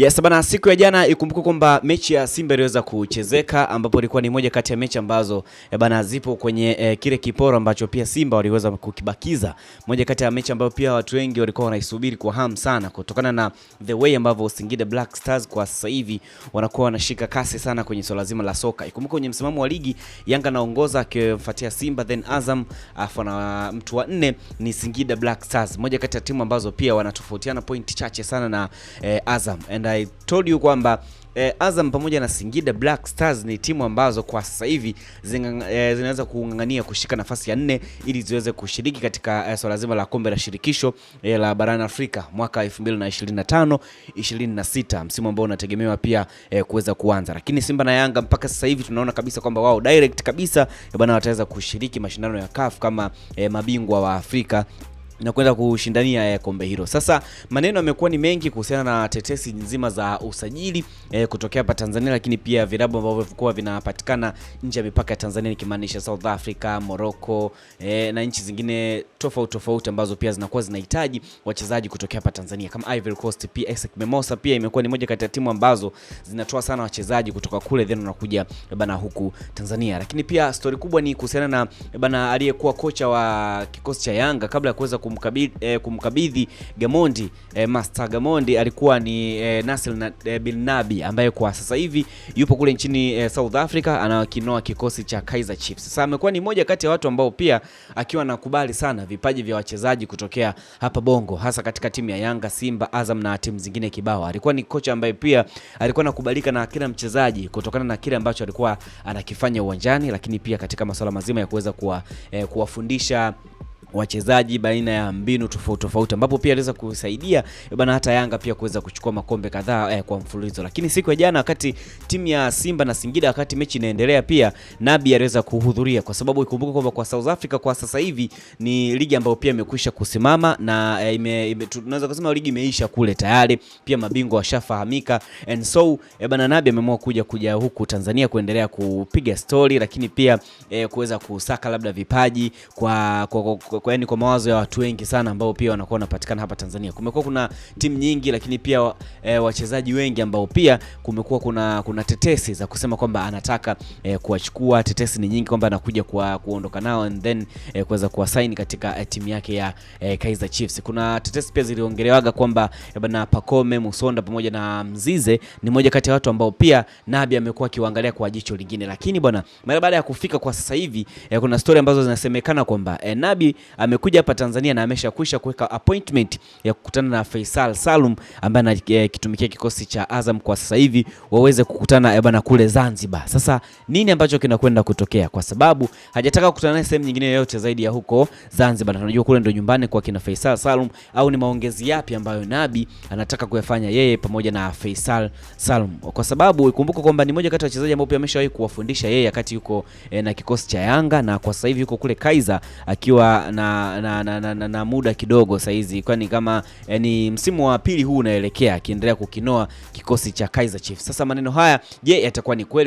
Yes, bana, siku ya jana ikumbuke kwamba mechi ya Simba iliweza kuchezeka ambapo ilikuwa ni moja kati ya mechi ambazo e, bana zipo kwenye e, kile kiporo ambacho pia Simba waliweza kukibakiza, moja kati ya mechi ambayo pia watu wengi walikuwa wanaisubiri kwa hamu sana kutokana na the way ambavyo Singida Black Stars kwa sasa hivi wanakuwa wanashika kasi sana kwenye swala zima la soka. Ikumbuke kwenye msimamo wa ligi Yanga naongoza akifuatia Simba then Azam, afu na mtu wa nne ni Singida Black Stars, moja kati ya timu ambazo pia wanatofautiana point chache sana na e, Azam And uh, I told you kwamba eh, Azam pamoja na Singida Black Stars ni timu ambazo kwa sasa hivi eh, zinaweza kung'ang'ania kushika nafasi ya nne ili ziweze kushiriki katika eh, swala zima la kombe la shirikisho eh, la barani Afrika mwaka 2025 26, msimu ambao unategemewa pia eh, kuweza kuanza. Lakini Simba na Yanga mpaka sasa hivi tunaona kabisa kwamba wao direct kabisa eh, bwana wataweza kushiriki mashindano ya CAF kama eh, mabingwa wa Afrika na kwenda kushindania eh, kombe hilo. Sasa maneno yamekuwa ni mengi kuhusiana na tetesi nzima za usajili eh, kutokea hapa Tanzania, lakini pia vilabu ambavyo vilikuwa vinapatikana nje ya mipaka ya Tanzania nikimaanisha South Africa, Morocco eh, na nchi zingine tofauti tofauti ambazo pia zinakuwa zinahitaji wachezaji kutokea hapa Tanzania kama Ivory Coast, pia ASEC Mimosa pia imekuwa ni moja kati ya timu ambazo zinatoa sana wachezaji kutoka kule then wanakuja eh, bana huku Tanzania. Lakini pia story kubwa ni kuhusiana na eh, bana aliyekuwa kocha wa kikosi cha Yanga kabla ya kuweza ku kumkabidhi, eh, kumkabidhi Gamondi eh, Master Gamondi alikuwa ni eh, Nasir na, eh, Bin Nabi ambaye kwa sasa hivi yupo kule nchini eh, South Africa anakinoa kikosi cha Kaizer Chiefs. Sasa amekuwa ni moja kati ya watu ambao pia akiwa nakubali sana vipaji vya wachezaji kutokea hapa Bongo hasa katika timu ya Yanga, Simba, Azam na timu zingine kibao. Alikuwa ni kocha ambaye pia alikuwa anakubalika na kila mchezaji kutokana na kile ambacho alikuwa anakifanya uwanjani, lakini pia katika masuala mazima ya kuweza eh, kuwafundisha eh, wachezaji baina ya mbinu tofauti tofauti, ambapo pia aliweza kusaidia eh, bana hata Yanga pia kuweza kuchukua makombe kadhaa eh, kwa mfululizo. Lakini siku ya jana, wakati timu ya Simba na Singida, wakati mechi inaendelea, pia Nabi aliweza kuhudhuria, kwa sababu ikumbuke kwamba kwa South Africa kwa sasa hivi ni ligi ambayo pia imekwisha kusimama na eh, ime, ime, tunaweza kusema ligi imeisha kule tayari, pia mabingwa washafahamika, and so eh, bana Nabi ameamua kuja kuja huku Tanzania kuendelea kupiga story, lakini pia eh, kuweza kusaka labda vipaji kwa, kwa, kwa kwa yani kwa mawazo ya watu wengi sana ambao pia wanakuwa wanapatikana hapa Tanzania. Kumekuwa kuna timu nyingi, lakini pia e, wachezaji wengi ambao pia kumekuwa kuna, kuna tetesi za kusema kwamba anataka e, kuwachukua. Tetesi ni nyingi kwamba anakuja kwa, kuondoka nao and then e, kuweza kuwasaini katika e, timu yake ya e, Kaizer Chiefs. Kuna tetesi pia ziliongelewaga kwamba bwana Pakome Musonda pamoja na Mzize ni moja kati ya watu ambao pia Nabi amekuwa akiwaangalia kwa jicho lingine, lakini bwana mara baada ya kufika kwa sasa hivi e, kuna story ambazo zinasemekana kwamba e, Nabi amekuja hapa Tanzania na ameshakwisha kuweka appointment ya kukutana na Faisal Salum ambaye anakitumikia kikosi cha Azam kwa sasa hivi, waweze kukutana eh, bana kule Zanzibar. Sasa nini ambacho kinakwenda kutokea, kwa sababu hajataka kukutana naye sehemu nyingine yoyote zaidi ya huko Zanzibar, tunajua kule ndio nyumbani kwa kina Faisal Salum, au ni maongezi yapi ambayo Nabi anataka kuyafanya yeye pamoja na Faisal Salum, kwa sababu ikumbuka kwamba ni moja kati ya wachezaji ambao pia ameshawahi kuwafundisha yeye wakati yuko e, na kikosi cha Yanga na kwa sasa hivi yuko kule Kaiza akiwa na na, na, na, na, na, na muda kidogo saizi, kwani kama eh, ni msimu wa pili huu unaelekea akiendelea kukinoa kikosi cha Kaizer Chiefs. Sasa maneno haya je, yatakuwa ni kweli?